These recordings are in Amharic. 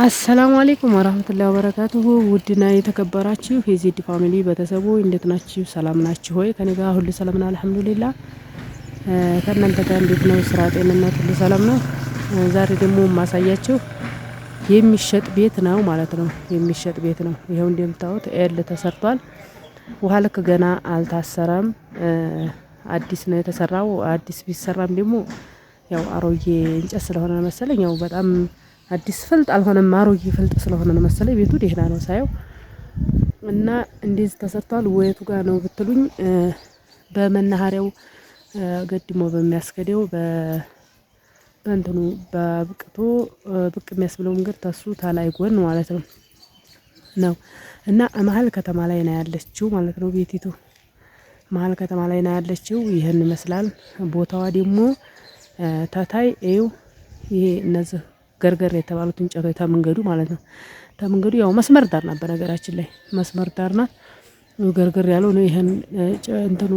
አሰላሙ አሌይኩም ወራህመቱላሂ ወበረካቱሁ ውድና የተከበራችሁ የዜድ ፋሚሊ ቤተሰቦች እንዴት ናችሁ? ሰላም ናችሁ ሆይ? ከኔ ጋር ሁሉ ሰላም ነው አልሐምዱሊላህ። ከእናንተ ጋር እንዴት ነው? ስራ፣ ጤንነት ሁሉ ሰላም ነው? ዛሬ ደግሞ የማሳያችሁ የሚሸጥ ቤት ነው ማለት ነው። የሚሸጥ ቤት ነው። ይኸው እንደምታዩት ኤል ተሰርቷል። ውሃ ልክ ገና አልታሰረም። አዲስ ነው የተሰራው። አዲስ ቢሰራም ደግሞ ያው አሮጌ እንጨት ስለሆነ መሰለኝ ያው በጣም አዲስ ፍልጥ አልሆነም፣ አሮጌ ፍልጥ ስለሆነ ነው መሰለኝ። ቤቱ ደህና ነው ሳየው እና እንዴት ተሰርቷል። ወየቱ ጋር ነው ብትሉኝ በመናኸሪያው ገድሞ በሚያስገደው በእንትኑ በብቅቶ ብቅ የሚያስብለው መንገድ ተሱ ታላይ ጎን ማለት ነው ነው እና መሀል ከተማ ላይ ነው ያለችው ማለት ነው። ቤቲቱ መሀል ከተማ ላይ ነው ያለችው። ይህን ይመስላል ቦታዋ ደግሞ ተታይ ይው ይሄ እነዚህ ገርገር የተባሉት ጨሬታ ተመንገዱ ማለት ነው። ተመንገዱ ያው መስመር ዳር ናት፣ በነገራችን ላይ መስመር ዳር ናት። ገርገር ያለው ነው። ይህን እንትኑ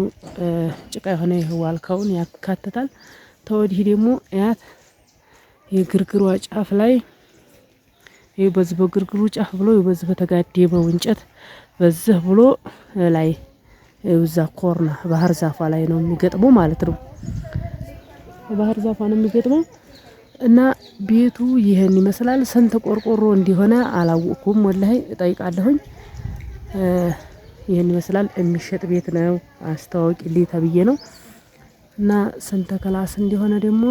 ጭቃ የሆነ ዋልካውን ያካትታል። ተወዲህ ደግሞ ያት የግርግሯ ጫፍ ላይ ይህ በዚህ በግርግሩ ጫፍ ብሎ በዚህ በተጋደመው እንጨት በዚህ ብሎ ላይ እዛ ኮርና ባህር ዛፏ ላይ ነው የሚገጥመው ማለት ነው። ባህር ዛፏ ነው የሚገጥመው እና ቤቱ ይህን ይመስላል። ስንት ቆርቆሮ እንዲሆነ አላወቅኩም፣ ወላሂ እጠይቃለሁኝ። ይህን ይመስላል። የሚሸጥ ቤት ነው። አስተዋወቂ ልይ ተብዬ ነው እና ስንተ ክላስ እንዲሆነ ደግሞ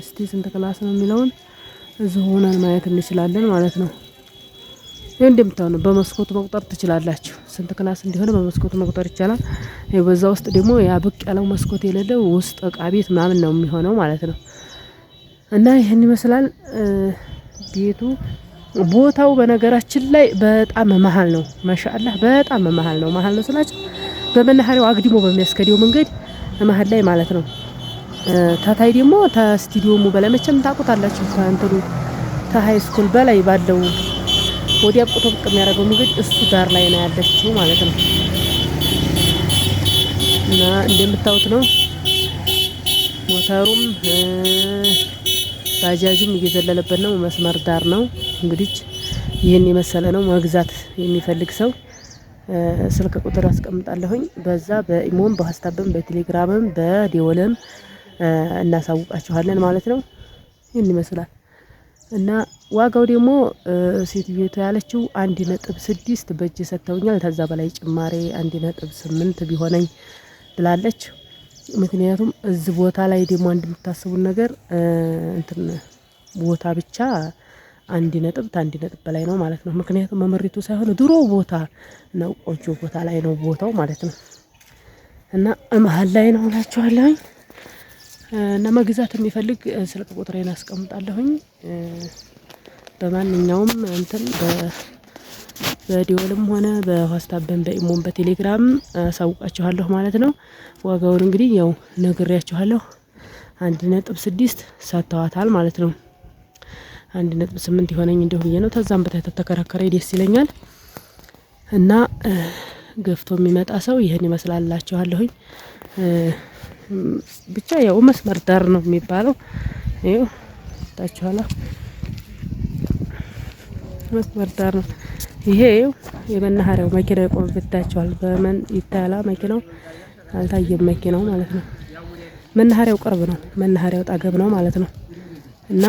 እስቲ ስንተ ክላስ ነው የሚለውን እዚሁ ሆነን ማየት እንችላለን ማለት ነው። ይህ እንደምታው ነው። በመስኮት መቁጠር ትችላላችሁ። ስንት ክላስ እንዲሆነ በመስኮት መቁጠር ይቻላል። በዛ ውስጥ ደግሞ ያብቅ ያለው መስኮት የሌለው ውስጥ እቃ ቤት ምናምን ነው የሚሆነው ማለት ነው። እና ይህን ይመስላል ቤቱ። ቦታው በነገራችን ላይ በጣም መሀል ነው። ማሻአላህ በጣም መሀል ነው። መሀል ነው ስላችሁ በመናኸሪያው አግዲሞ በሚያስከደው መንገድ መሀል ላይ ማለት ነው። ታታይ ደግሞ ተስቱዲዮሙ በላይ መቼም ታውቁታላችሁ። ከእንትኑ ተሀይ ስኩል በላይ ባለው ወዲያ ቁጥብ የሚያደርገው መንገድ እሱ ዳር ላይ ነው ያለችው ማለት ነው። እና እንደምታዩት ነው። ሞተሩም ባጃጁም እየዘለለበት ነው። መስመር ዳር ነው። እንግዲህ ይህን የመሰለ ነው። መግዛት የሚፈልግ ሰው ስልክ ቁጥር አስቀምጣለሁኝ። በዛ በኢሞም በሀስታብም በቴሌግራምም በዲወለም እናሳውቃችኋለን ማለት ነው። ይህን ይመስላል እና ዋጋው ደግሞ ሴትዮቱ ያለችው አንድ ነጥብ ስድስት በእጅ ሰጥተውኛል። ከዛ በላይ ጭማሬ አንድ ነጥብ ስምንት ቢሆነኝ ትላለች። ምክንያቱም እዚህ ቦታ ላይ ደግሞ አንድ የምታስቡን ነገር እንትን ቦታ ብቻ አንድ ነጥብ አንድ ነጥብ በላይ ነው ማለት ነው። ምክንያቱም መመሪቱ ሳይሆን ድሮ ቦታ ነው፣ ቆጆ ቦታ ላይ ነው ቦታው ማለት ነው። እና መሀል ላይ ነው እላችኋለሁኝ። እና መግዛት የሚፈልግ ስልክ ቁጥሬን አስቀምጣለሁኝ። በማንኛውም እንትን በዲወልም ሆነ በዋስታብን በኢሞን በቴሌግራም አሳውቃችኋለሁ ማለት ነው። ዋጋውን እንግዲህ ያው ነግሬያችኋለሁ። አንድ ነጥብ ስድስት ሰጥተዋታል ማለት ነው። አንድ ነጥብ ስምንት የሆነኝ እንደሁ ብዬ ነው። ተዛም በታች ተከራከረ ደስ ይለኛል እና ገፍቶ የሚመጣ ሰው ይህን ይመስላላችኋለሁኝ። ብቻ ያው መስመር ዳር ነው የሚባለው። ይው ታችኋላ መስመር ዳር ነው። ይሄ የመናኸሪያው መኪና ይቆምብታቸዋል። በመን ይታያላ መኪናው አልታየም፣ መኪናው ማለት ነው። መናኸሪያው ቅርብ ነው፣ መናኸሪያው ጠገብ ነው ማለት ነው። እና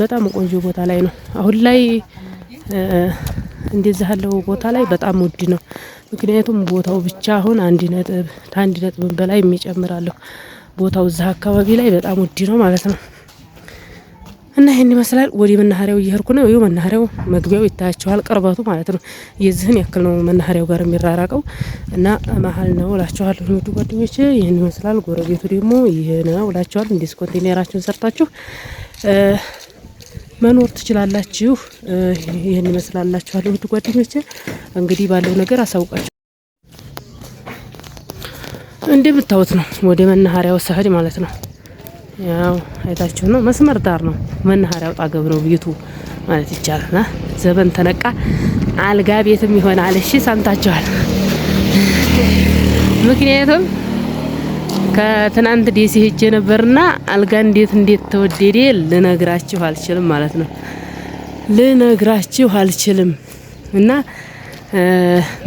በጣም ቆንጆ ቦታ ላይ ነው። አሁን ላይ እንደዚህ ያለው ቦታ ላይ በጣም ውድ ነው። ምክንያቱም ቦታው ብቻ አሁን አንድ ነጥብ ከአንድ ነጥብ በላይ የሚጨምራለሁ። ቦታው እዚህ አካባቢ ላይ በጣም ውድ ነው ማለት ነው። እና ይህን ይመስላል። ወደ መናኸሪያው እየሄድኩ ነው። ይኸው መናኸሪያው መግቢያው ይታያቸዋል፣ ቅርበቱ ማለት ነው። የዚህን ያክል ነው መናኸሪያው ጋር የሚራራቀው እና መሀል ነው እላችኋለሁ። የሚወዱ ጓደኞች ይህን ይመስላል። ጎረቤቱ ደግሞ ይህ ነው እላችኋለሁ። እንዲስ ኮንቴኔራችሁን ሰርታችሁ መኖር ትችላላችሁ። ይህን ይመስላላችኋለሁ። ውድ ጓደኞች እንግዲህ ባለው ነገር አሳውቃችሁ እንደምታዩት ነው። ወደ መናኸሪያው ሳህድ ማለት ነው። ያው አይታችሁ ነው። መስመር ዳር ነው መናኸሪያ ጣገብ ነው ቤቱ ማለት ይቻላል። ዘበን ተነቃ አልጋ ቤትም ይሆናል። እሺ ሰምታችኋል። ምክንያቱም ከትናንት ዴሴ ሄጄ ነበርና አልጋ እንዴት እንዴት ተወደደ ልነግራችሁ አልችልም ማለት ነው ልነግራችሁ አልችልም እና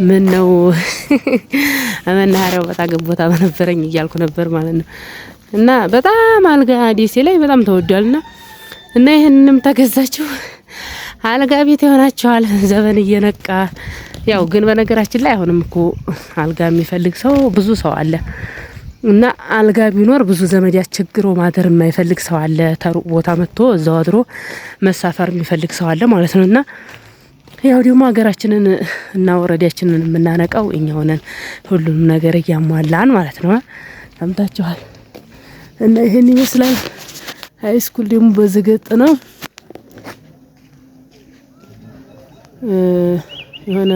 ምን ነው መናኸሪያው በጣም ቦታ በነበረኝ እያልኩ ነበር ማለት ነው። እና በጣም አልጋ ደሴ ላይ በጣም ና እና ይህንንም ተገዛችሁ አልጋ ቤት ይሆናችኋል። ዘመን እየነቃ ያው ግን በነገራችን ላይ አሁንም እኮ አልጋ የሚፈልግ ሰው ብዙ ሰው አለ እና አልጋ ቢኖር ብዙ ዘመድ ያስቸግሮ ማደር የማይፈልግ ሰው አለ። ተሩቅ ቦታ መጥቶ እዛው አድሮ መሳፈር የሚፈልግ ሰው አለ ማለት ነው እና ያው ደግሞ ሀገራችንን እና ወረዳችንን የምናነቃው እኛ ሆነን ሁሉንም ነገር እያሟላን ማለት ነው። ሰምታችኋል። እና ይሄን ይመስላል። ሀይ ስኩል ደግሞ በዝገጥ ነው የሆነ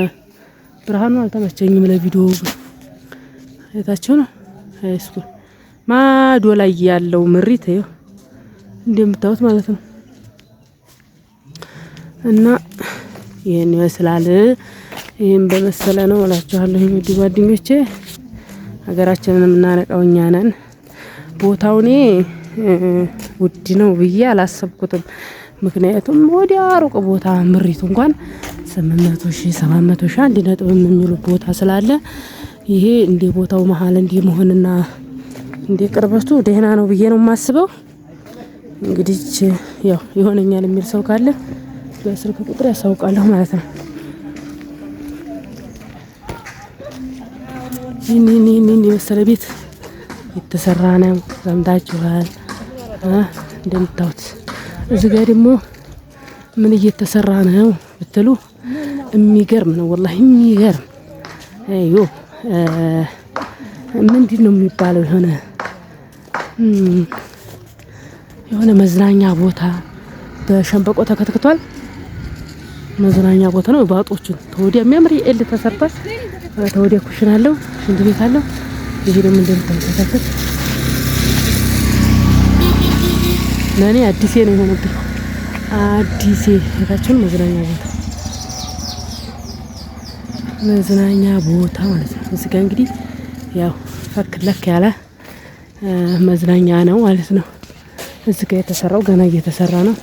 ብርሃኑ አልተመቸኝም ለቪዲዮ አይታችሁ ነው። ሀይ ስኩል ማዶ ላይ ያለው ምሪት ይኸው እንደምታዩት ማለት ነው እና ይህን ይመስላል። ይህም በመሰለ ነው እላችኋለሁ ውድ ጓደኞቼ። ሀገራችንን የምናነቃው እኛ ነን። ቦታው እኔ ውድ ነው ብዬ አላሰብኩትም። ምክንያቱም ወዲያ ሩቅ ቦታ ምሪቱ እንኳን ስምንት መቶ ሺ ሰባት መቶ ሺ አንድ ነጥብ የሚሉት ቦታ ስላለ ይሄ እንደ ቦታው መሀል እንዲህ መሆንና እንደ ቅርበቱ ደህና ነው ብዬ ነው የማስበው። እንግዲህ ያው ይሆነኛል የሚል ሰው ካለ በስልክ ቁጥር ያሳውቃለሁ ማለት ነው። ይህን ይህን የመሰለ ቤት የተሰራ ነው። ሰምታችኋል። እንደምታዩት እዚህ ጋር ደግሞ ምን እየተሰራ ነው ብትሉ የሚገርም ነው። ወላሂ የሚገርም ዮ ምንድን ነው የሚባለው? የሆነ የሆነ መዝናኛ ቦታ በሸንበቆ ተከትክቷል። መዝናኛ ቦታ ነው። ባጦችን ተወዲያ የሚያምር የኤል ተሰርታ ተወዲያ ኩሽና አለው፣ ሽንት ቤት አለው። ይሄ ደግሞ እንደምታይተታተት ለእኔ አዲሴ ነው የሆነብኝ። አዲሴ ታችን መዝናኛ ቦታ መዝናኛ ቦታ ማለት ነው። እዚህ ጋ እንግዲህ ያው ፈክ ለክ ያለ መዝናኛ ነው ማለት ነው። እዚህ ጋ የተሰራው ገና እየተሰራ ነው።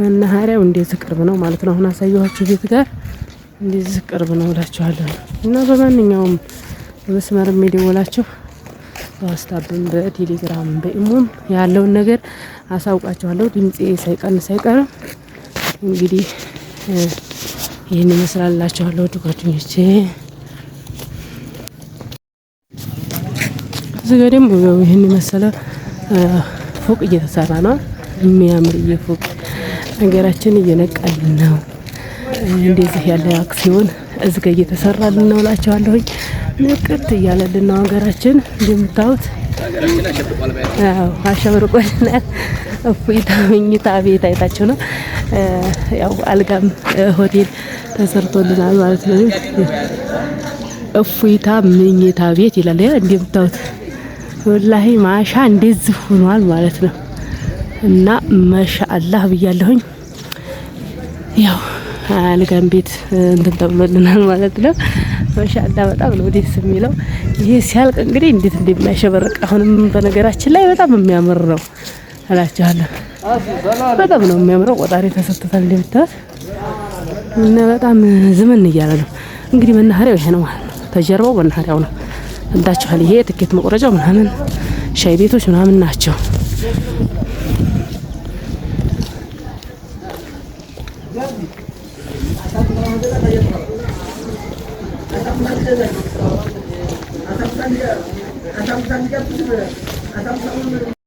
መናኸሪያው እንደዚህ ቅርብ ነው ማለት ነው። አሁን አሳየኋችሁ ቤት ጋር እንደዚህ ቅርብ ነው እላችኋለሁ። እና በማንኛውም መስመር የሚደወላችሁ በዋስታብም በቴሌግራም በኢሞም ያለውን ነገር አሳውቃችኋለሁ። ድምፄ ሳይቀንስ ሳይቀር እንግዲህ ይህን ይመስላላችኋለሁ ውድ ጓደኞቼ። እዚህ ጋር ደግሞ ይህን የመሰለ ፎቅ እየተሰራ ነው። የሚያምር ፎቅ ነገራችን እየነቃልን ነው። እንደዚህ ያለ አክሲዮን እዚህ ጋር እየተሰራልን ነው እላቸዋለሁኝ። ንቅት እያለልን ነው ሀገራችን እንደምታዩት አሸብርቆልናል። እፎይታ መኝታ ቤት አይታችሁ ነው። ያው አልጋም ሆቴል ተሰርቶልናል ማለት ነው። እፎይታ መኝታ ቤት ይላል። ያ እንደምታዩት ወላሂ ማሻ እንደዚህ ሆኗል ማለት ነው። እና መሻ አላህ ብያለሁኝ። ያው አልጋን ቤት እንትን ተብሎልናል ማለት ነው። ማሻአላ በጣም ነው ደስ የሚለው። ይሄ ሲያልቅ እንግዲህ እንዴት እንደሚያሸበረቅ አሁንም በነገራችን ላይ በጣም የሚያምር ነው እላችኋለሁ። በጣም ነው የሚያምረው። ቆጣሪ ተሰጥቶታል እንደምታዩት እና በጣም ዝምን እያለ ነው እንግዲህ መናኸሪያው ይሄ ነው ማለት ነው። ተጀርባው መናኸሪያው ነው እንዳችኋል። ይሄ ትኬት መቁረጫው ምናምን ሻይ ቤቶች ምናምን ናቸው። Asam sandikat, asam sandikat itu sebenarnya. Asam sandikat.